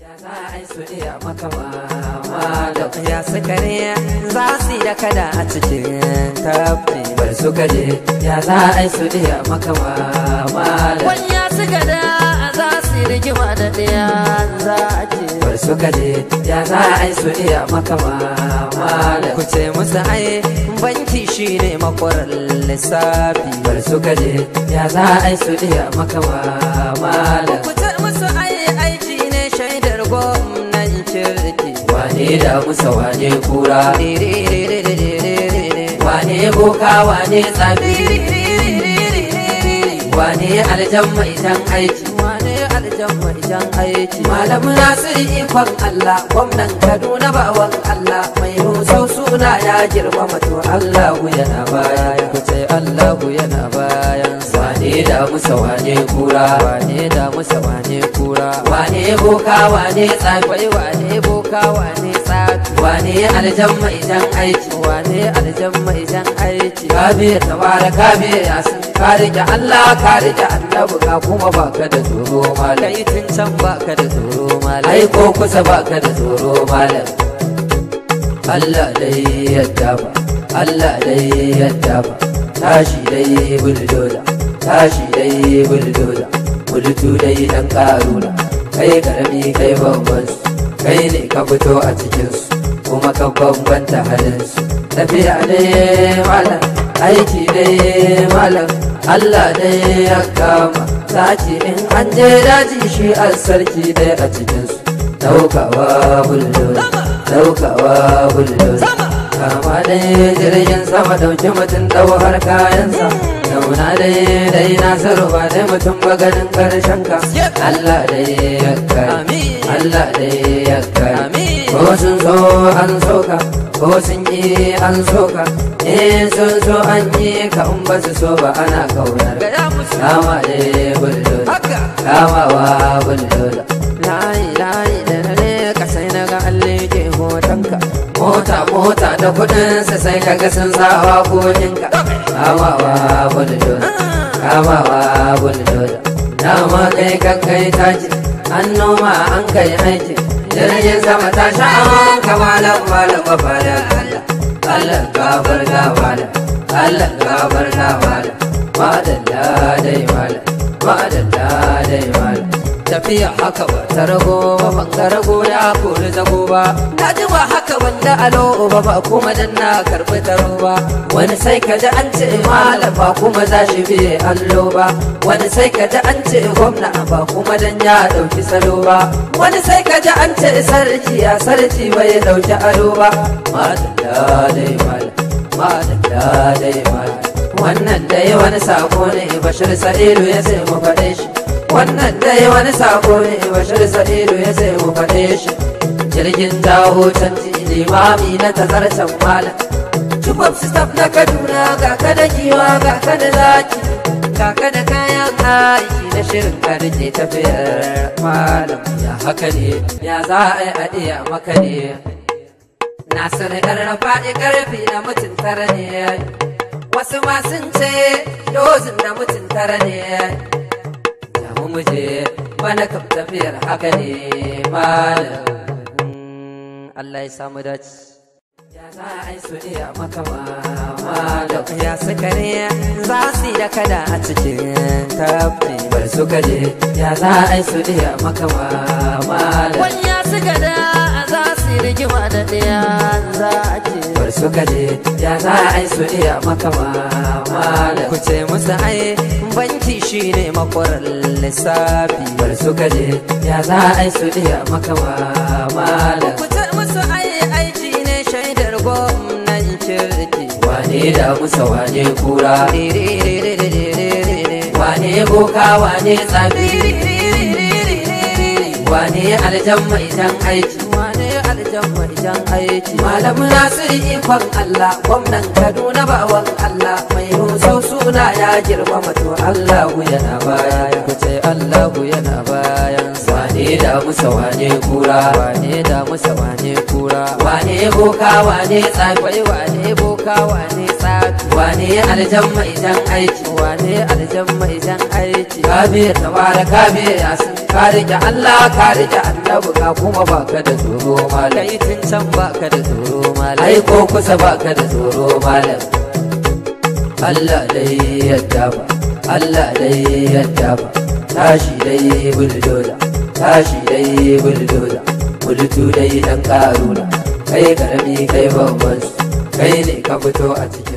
Ya za a yi su iya maka wawa da ya su yi kada a cikin tafi bar ya za a yi su iya ya za su yi rigima da ɗaya za a ce bar su gaje ya za a yi su iya maka wawa ku ce musu ai banki shi ne makwarar lissafi bar su ya za a yi su iya maka wawa da kusa wane kura wane boka wane tsabi wane aljan mai dan aiki aljan marijan aiki malam nasiru ikon allah gwamnan kaduna bawan allah mai rusau suna ya girma mato allahu yana baya ku ce allahu yana bayan wane da musa wane kura wane da musa wane kura wane boka wane tsakwai wane boka wane tsakwai wane aljamma idan aiki wane aljamma idan aiki kabe tawara kabe yasin ka rike Allah ka rike annabi ka kuma baka da tsoro malam kai tun san baka da tsoro malam ai ko kusa baka da tsoro malam Allah dai yadda ba Allah dai yadda ba tashi dai buldoda tashi dai buldoda bultu dai dan karuna kai karami kai babban kai ne ka fito a cikinsu kuma ka bambanta halinsu tafiya ne malam aiki ne malam Allah ne ya kama sace in an je daji shi al sarki ne a cikinsu daukawa bulldoza daukawa bulldoza kama ne jirgin sama dauke mutum dau har kayansa kauna dai dai na zaro ba dai mutum ba ganin karshen ka Allah dai ya kare, Allah dai ya kare. ko sun so an so ka ko sun yi an so ka in eh, sun so an yi ka in ba su so ba ana kaunar kama dai buldola kama wa buldola layi layi mota mota da kudin sa sai kaga sun zawa kogin ka kamawa buldoza kamawa na dama kai ta taki an noma an kai aiki jirgin sama ta sha aman kamalan malam da allah allah gabar gabala allah gabar gabala da dai malam da tafiya haka ba ta rago ba ban ka rago ya kori zago ba na ji ba haka wanda alo ba ba kuma dan na karbi taro ba wani sai ka ji an ce malam ba kuma za shi bi allo ba wani sai ka ji an ce gwamna ba kuma dan ya dauki salo ba wani sai ka ji an ce sarki ya sarki bai dauki aro ba madalla dai malam madalla dai malam wannan dai wani sako ne bashir sa'ilu ya sai mu faɗe shi wannan dai wani sako ne bashir sa'idu ya sai mu faɗe shi jirgin jawo canji limami na tazarcen malam Jubab Staf na Kaduna ga ka da giwa ga ka da zaki ga ka da kayan aiki na shirin ka rike tafiyar malam ya haka ne ya za a yi a maka ne na sanadar na faɗi ƙarfi na mutum tara ne wasu ma sun ce dozin na mutum tara ne wuce bana kam tafiyar haka ne malam Allah ya samu dace Ya sukare za su yi da kada a cikin tafi bar su kaje ya za a yi su maka ba malam. Wani ya suka da za su yi rigima da ɗaya suka je ya za a yi su iya makama malam ku ce musu ai banki shine makwarar lissafi bar suka je ya za a yi su iya makama malam ku ce musu ai aiki ne shaidar gwamnan kirki wane da musa wane kura wane boka wane tsabi wane aljan mai aiki aljan wajen aiki malamu nasiru ikon allah gwamnan kaduna bawan allah mai huso suna ya girma to allahu yana baya ku ce allahu yana baya wane damusa musa wane kura wane damusa musa wane kura wane boka wane tsafi wai wane boka wane tsafi wane aljamma idan aiki wane aljamma idan aiki kabe tawara kabe sun ka rike Allah ka rike annabi ka kuma baka da tsoro malam kai tun can baka da tsoro malam ai ko kusa baka da tsoro malam Allah dai yadda ba Allah dai yadda ba tashi dai buldoda tashi dai bulldoza bulldoza dai dan karuna kai karami kai babban kai ne ka fito a ciki